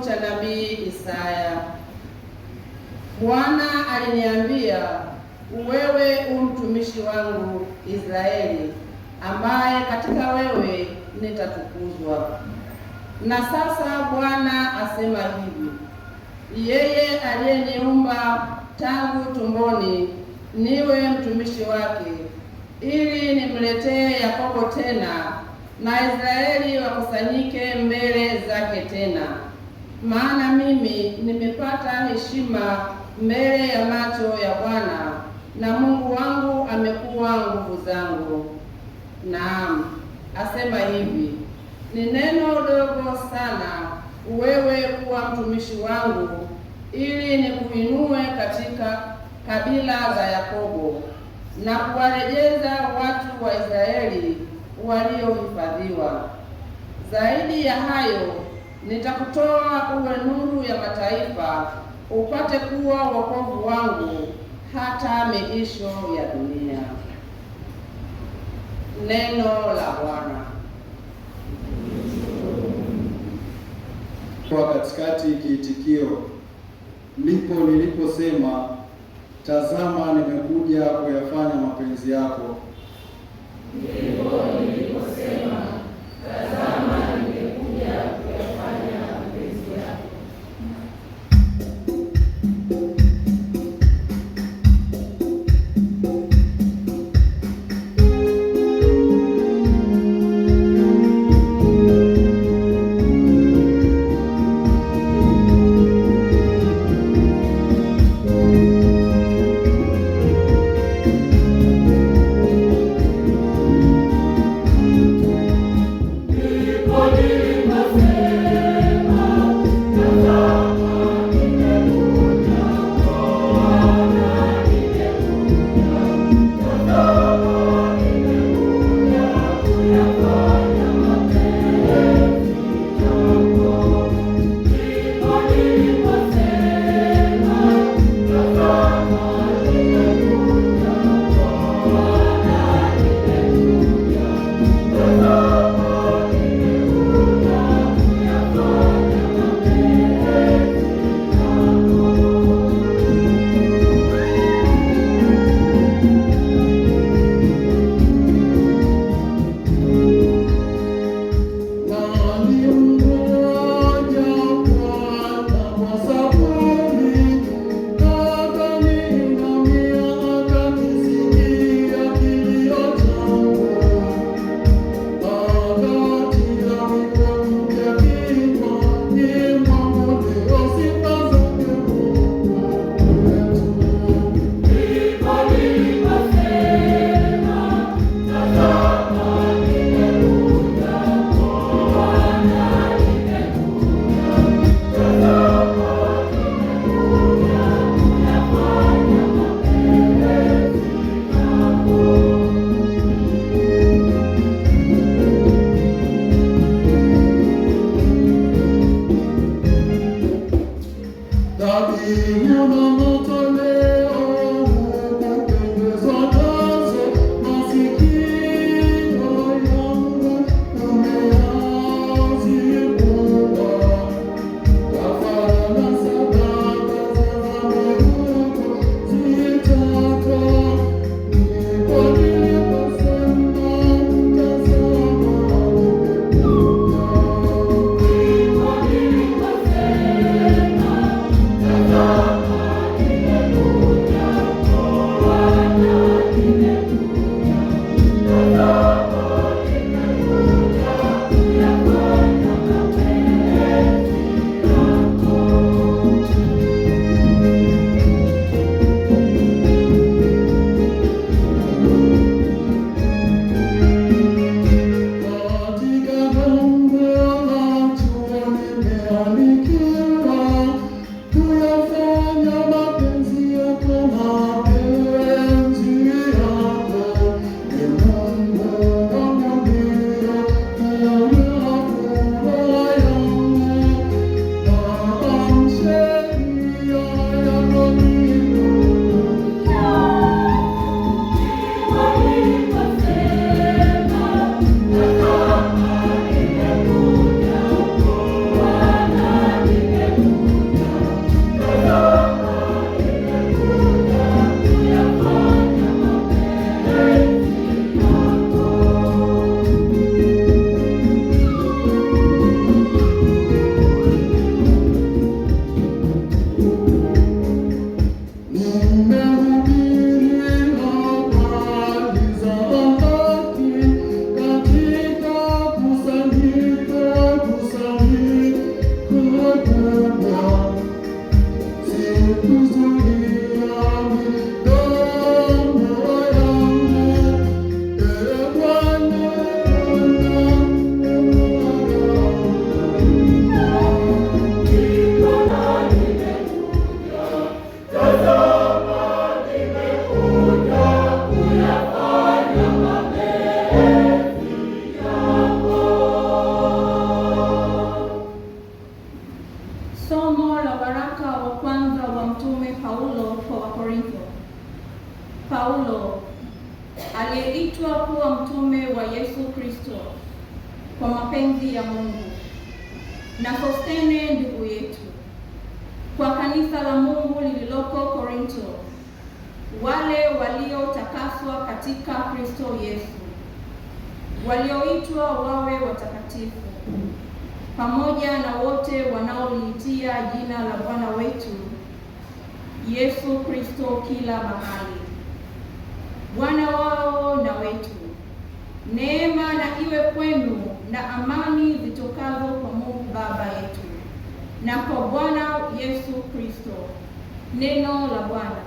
cha nabii Isaya. Bwana aliniambia, wewe u mtumishi wangu Israeli, ambaye katika wewe nitatukuzwa. Na sasa Bwana asema hivi, yeye aliyeniumba tangu tumboni niwe mtumishi wake, ili nimletee Yakobo tena na Israeli wakusanyike mbele zake tena maana mimi nimepata heshima mbele ya macho ya Bwana na Mungu wangu amekuwa nguvu zangu. Naam, asema hivi, ni neno dogo sana wewe kuwa mtumishi wangu, ili nikuinue katika kabila za Yakobo na kuwarejeza watu wa Israeli waliohifadhiwa. Zaidi ya hayo nitakutoa uwe nuru ya mataifa, upate kuwa wokovu wangu hata miisho ya dunia. Neno la Bwana. Kwa katikati kiitikio, ndipo niliposema tazama, nimekuja kuyafanya mapenzi yako. Ndipo niliposema tazama waraka wa kwanza wa Mtume Paulo kwa Wakorintho. Paulo aliyeitwa kuwa mtume wa Yesu Kristo kwa mapenzi ya Mungu na Sostene ndugu yetu, kwa kanisa la Mungu lililoko Korinto, wale waliotakaswa katika Kristo Yesu, walioitwa wawe watakatifu pamoja na wote wanaoliitia jina la Bwana wetu Yesu Kristo kila mahali. Bwana wao na wetu. Neema na iwe kwenu na amani zitokazo kwa Mungu Baba yetu na kwa Bwana Yesu Kristo. Neno la Bwana.